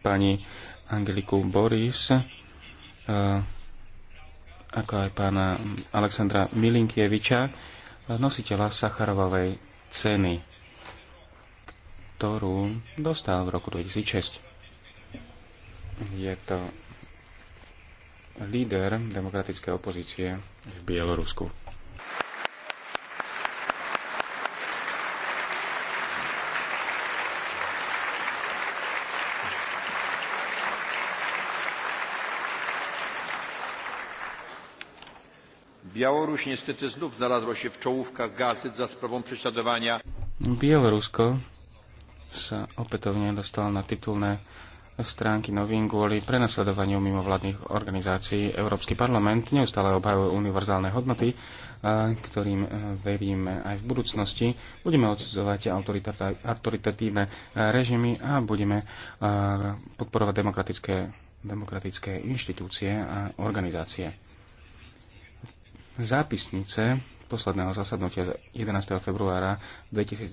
pani Angeliku Boris, e, ako aj pána Aleksandra Milinkieviča, nositeľa Sacharovovej ceny, ktorú dostal v roku 2006. Je to líder demokratickej opozície v Bielorusku. Białoruś niestety znów znalazło się w czołówkach gazet za sprawą prześladowania. Bielorusko sa opätovne dostalo na titulné stránky novín kvôli prenasledovaniu mimovládnych organizácií. Európsky parlament neustále obhajuje univerzálne hodnoty, ktorým e, veríme aj v budúcnosti. Budeme odsudzovať autoritatívne e, režimy a budeme e, podporovať demokratické, demokratické inštitúcie a organizácie zápisnice posledného zasadnutia 11. februára 2010